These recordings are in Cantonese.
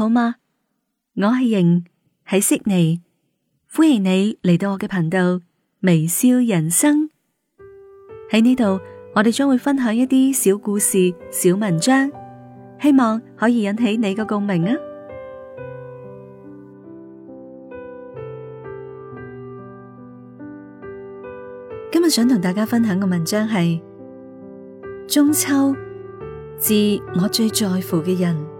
好嗎？我係瑩，喺悉尼，歡迎你嚟到我嘅頻道微笑人生。喺呢度，我哋將會分享一啲小故事、小文章，希望可以引起你嘅共鳴啊！今日想同大家分享嘅文章係中秋致我最在乎嘅人。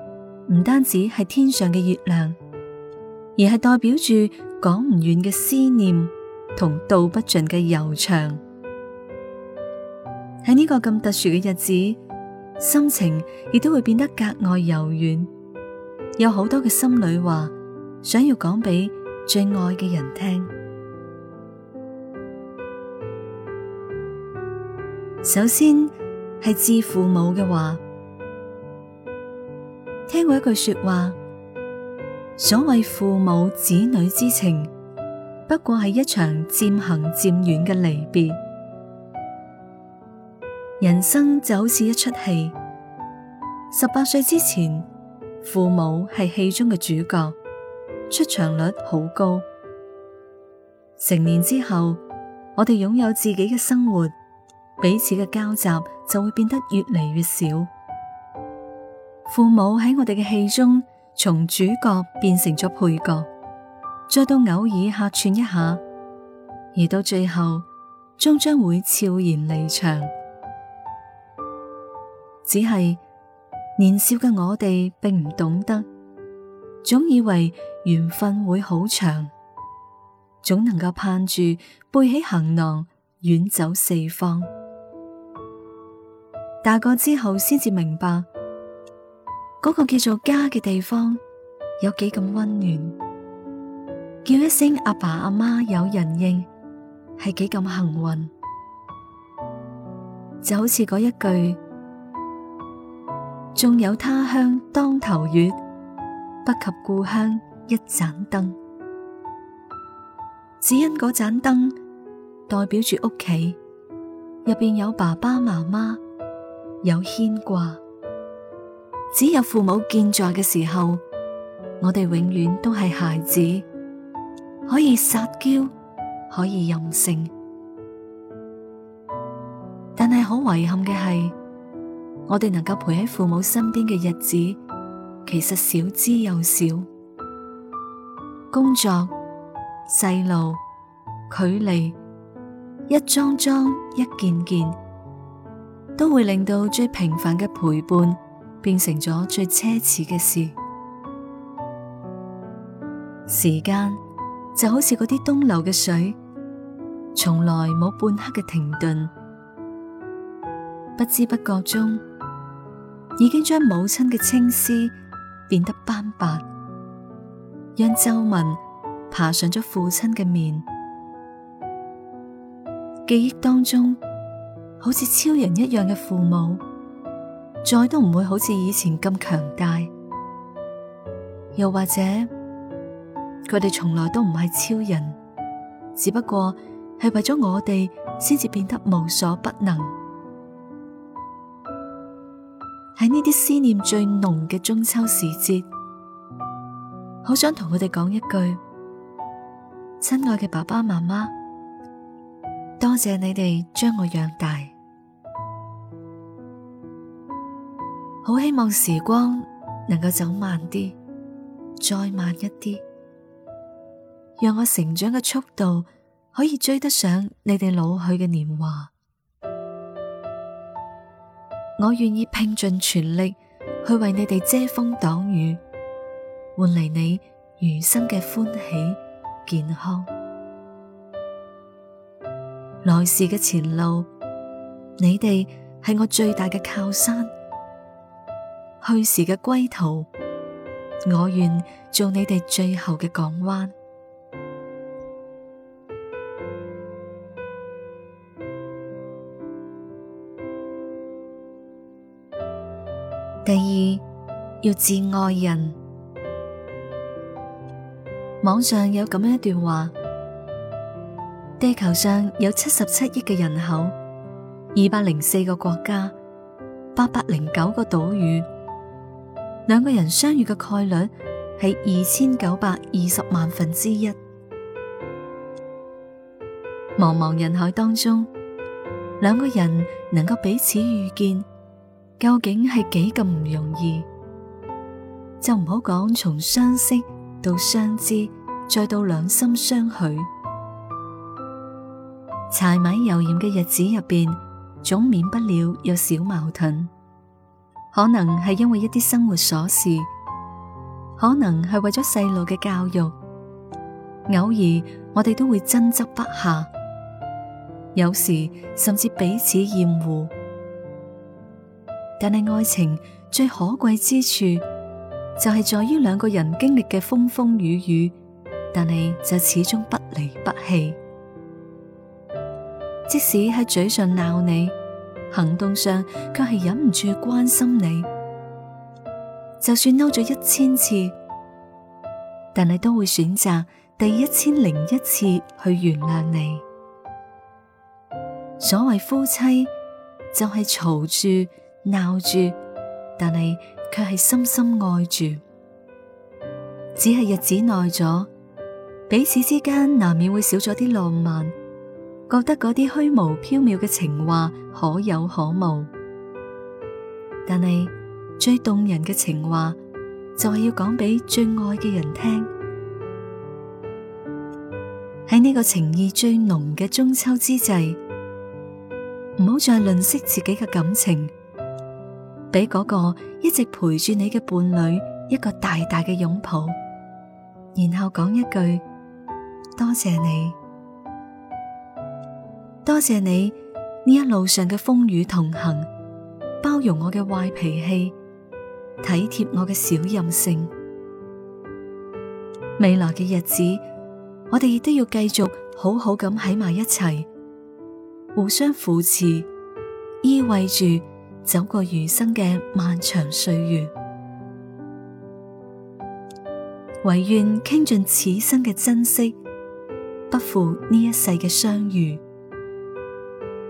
唔單止係天上嘅月亮，而係代表住講唔完嘅思念同道不盡嘅悠長。喺呢個咁特殊嘅日子，心情亦都會變得格外柔軟，有好多嘅心裏話想要講俾最愛嘅人聽。首先係致父母嘅話。聽過一句說話，所謂父母子女之情，不過係一場漸行漸遠嘅離別。人生就好似一出戲，十八歲之前，父母係戲中嘅主角，出場率好高。成年之後，我哋擁有自己嘅生活，彼此嘅交集就會變得越嚟越少。父母喺我哋嘅戲中，從主角變成咗配角，再到偶爾客串一下，而到最後終將會悄然離場。只係年少嘅我哋並唔懂得，總以為緣分會好長，總能夠盼住背起行囊遠走四方。大個之後先至明白。嗰個叫做家嘅地方有幾咁溫暖，叫一聲阿爸阿媽有人應，係幾咁幸運。就好似嗰一句，縱有他鄉當頭月，不及故鄉一盞燈。只因嗰盞燈代表住屋企，入邊有爸爸媽媽，有牽掛。只有父母健在嘅時候，我哋永遠都係孩子，可以撒嬌，可以任性。但係好遺憾嘅係，我哋能夠陪喺父母身邊嘅日子，其實少之又少。工作、細路、距離，一樁樁、一件件，都會令到最平凡嘅陪伴。變成咗最奢侈嘅事。時間就好似嗰啲東流嘅水，從來冇半刻嘅停頓，不知不覺中已經將母親嘅青絲變得斑白，讓皺紋爬上咗父親嘅面。記憶當中，好似超人一樣嘅父母。再都唔會好似以前咁強大，又或者佢哋從來都唔係超人，只不過係為咗我哋先至變得無所不能。喺呢啲思念最濃嘅中秋時節，好想同佢哋講一句：親愛嘅爸爸媽媽，多謝你哋將我養大。好希望時光能夠走慢啲，再慢一啲，讓我成長嘅速度可以追得上你哋老去嘅年華。我願意拼盡全力去為你哋遮風擋雨，換嚟你餘生嘅歡喜健康。來時嘅前路，你哋係我最大嘅靠山。去時嘅歸途，我願做你哋最後嘅港灣。第二，要致愛人，網上有咁樣一段話：地球上有七十七億嘅人口，二百零四個國家，八百零九個島嶼。兩個人相遇嘅概率係二千九百二十萬分之一。茫茫人海當中，兩個人能夠彼此遇見，究竟係幾咁唔容易？就唔好講從相識到相知，再到兩心相許。柴米油鹽嘅日子入邊，總免不了有小矛盾。可能係因為一啲生活瑣事，可能係為咗細路嘅教育，偶爾我哋都會爭執不下，有時甚至彼此厭惡。但係愛情最可貴之處，就係、是、在於兩個人經歷嘅風風雨雨，但係就始終不離不棄，即使喺嘴上鬧你，行動上卻係忍唔住關心你，就算嬲咗一千次，但係都會選擇第一千零一次去原諒你。所謂夫妻就係嘈住鬧住，但係卻係深深愛住，只係日子耐咗，彼此之間難免會少咗啲浪漫。覺得嗰啲虛無縹緲嘅情話可有可無，但係最動人嘅情話就係要講俾最愛嘅人聽。喺呢個情意最濃嘅中秋之際，唔好再吝嗇自己嘅感情，俾嗰個一直陪住你嘅伴侶一個大大嘅擁抱，然後講一句，多謝你。多謝你呢一路上嘅風雨同行，包容我嘅壞脾氣，體貼我嘅小任性。未來嘅日子，我哋亦都要繼續好好咁喺埋一齊，互相扶持，依偎住走過餘生嘅漫長歲月。唯願傾盡此生嘅珍惜，不負呢一世嘅相遇。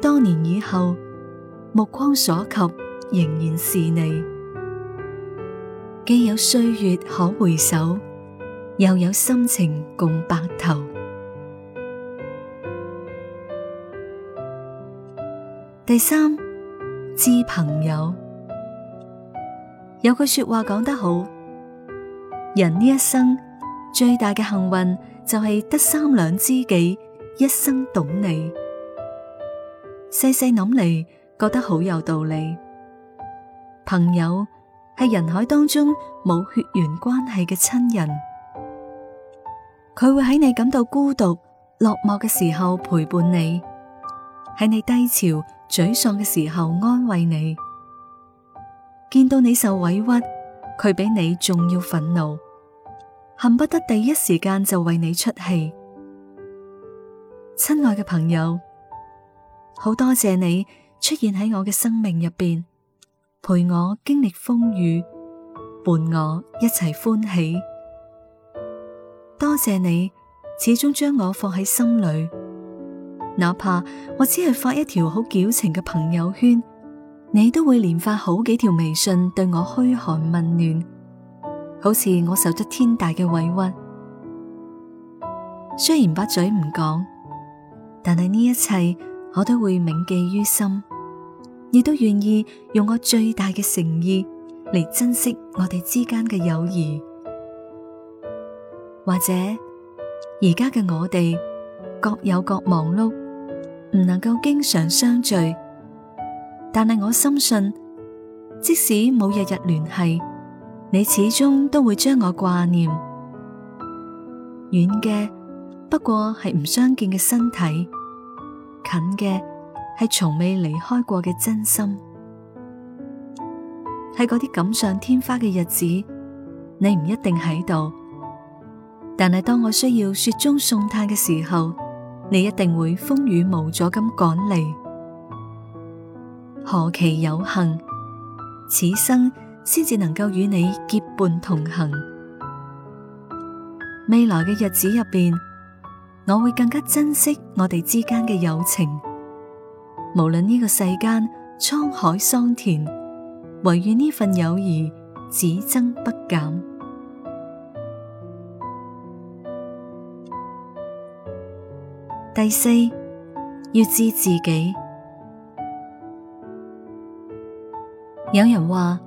多年以後，目光所及仍然是你，既有歲月可回首，又有深情共白頭。第三，知朋友。有句話說話講得好，人呢一生最大嘅幸運就係得三兩知己，一生懂你。細細諗嚟，覺得好有道理。朋友係人海當中冇血緣關係嘅親人，佢會喺你感到孤獨、落寞嘅時候陪伴你，喺你低潮、沮喪嘅時候安慰你。見到你受委屈，佢比你仲要憤怒，恨不得第一時間就為你出氣。親愛嘅朋友。好多謝你出現喺我嘅生命入邊，陪我經歷風雨，伴我一齊歡喜。多謝你始終將我放喺心裏，哪怕我只係發一條好矯情嘅朋友圈，你都會連發好幾條微信對我噓寒問暖，好似我受咗天大嘅委屈。雖然把嘴不嘴唔講，但係呢一切。我都會銘記於心，亦都願意用我最大嘅誠意嚟珍惜我哋之間嘅友誼。或者而家嘅我哋各有各忙碌，唔能夠經常相聚。但係我深信，即使冇日日聯繫，你始終都會將我掛念。遠嘅不過係唔相見嘅身體。近嘅係從未離開過嘅真心，喺嗰啲錦上添花嘅日子，你唔一定喺度，但係當我需要雪中送炭嘅時候，你一定會風雨無阻咁趕嚟。何其有幸，此生先至能夠與你結伴同行。未來嘅日子入邊。我會更加珍惜我哋之間嘅友情，無論呢個世間滄海桑田，唯願呢份友誼只增不減。第四，要知自己。有人話，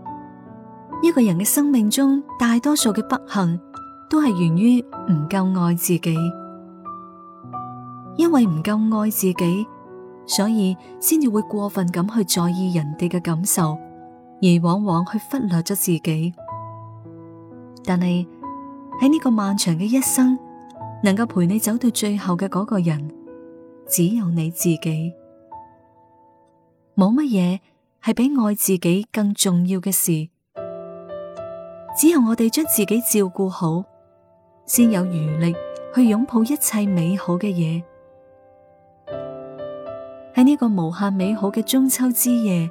一個人嘅生命中大多數嘅不幸，都係源於唔夠愛自己。因為唔夠愛自己，所以先至會過分咁去在意人哋嘅感受，而往往去忽略咗自己。但係喺呢個漫長嘅一生，能夠陪你走到最後嘅嗰個人，只有你自己。冇乜嘢係比愛自己更重要嘅事，只有我哋將自己照顧好，先有餘力去擁抱一切美好嘅嘢。喺呢個無限美好嘅中秋之夜，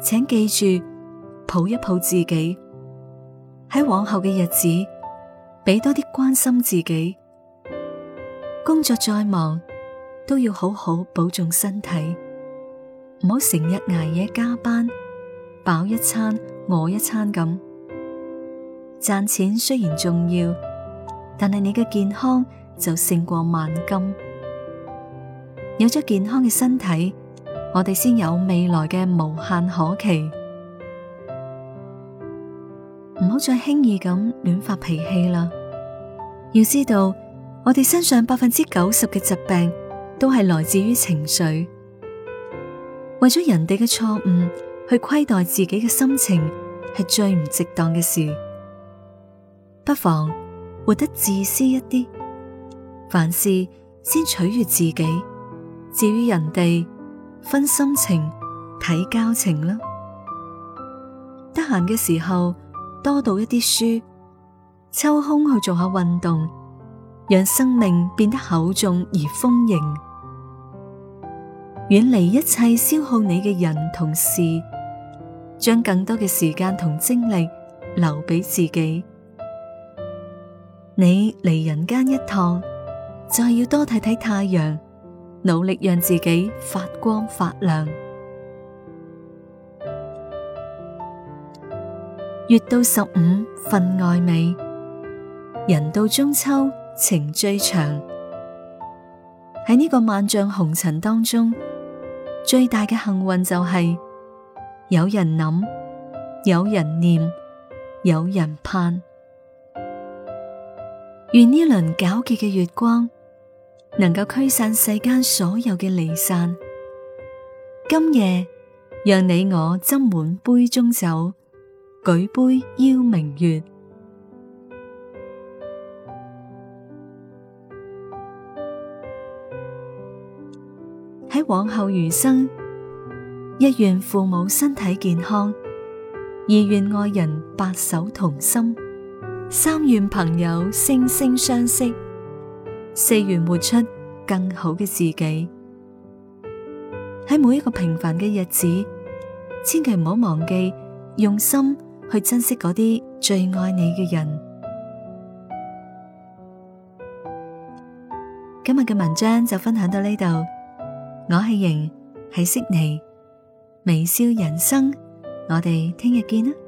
請記住抱一抱自己，喺往後嘅日子俾多啲關心自己。工作再忙都要好好保重身體，唔好成日捱夜加班，飽一餐餓一餐咁。賺錢雖然重要，但係你嘅健康就勝過萬金。有咗健康嘅身體，我哋先有未來嘅無限可期。唔好再輕易咁亂發脾氣啦。要知道，我哋身上百分之九十嘅疾病都係來自於情緒。為咗人哋嘅錯誤，去虧待自己嘅心情，係最唔值當嘅事。不妨活得自私一啲，凡事先取悦自己。至於人哋分心情睇交情啦，得閒嘅時候多讀一啲書，抽空去做下運動，讓生命變得厚重而豐盈，遠離一切消耗你嘅人同事，將更多嘅時間同精力留俾自己。你嚟人間一趟，就係要多睇睇太陽。努力讓自己發光發亮。月到十五分外美，人到中秋情最長。喺呢個萬丈紅塵當中，最大嘅幸運就係、是、有人諗，有人念，有人盼。願呢輪皎潔嘅月光，能夠驅散世間所有嘅離散。今夜，讓你我斟滿杯中酒，舉杯邀明月。喺往後餘生，一願父母身體健康，二願愛人白首同心，三願朋友惺惺相惜。四願活出更好嘅自己，喺每一個平凡嘅日子，千祈唔好忘記用心去珍惜嗰啲最愛你嘅人。今日嘅文章就分享到呢度，我係瑩，係悉尼微笑人生，我哋聽日見啦。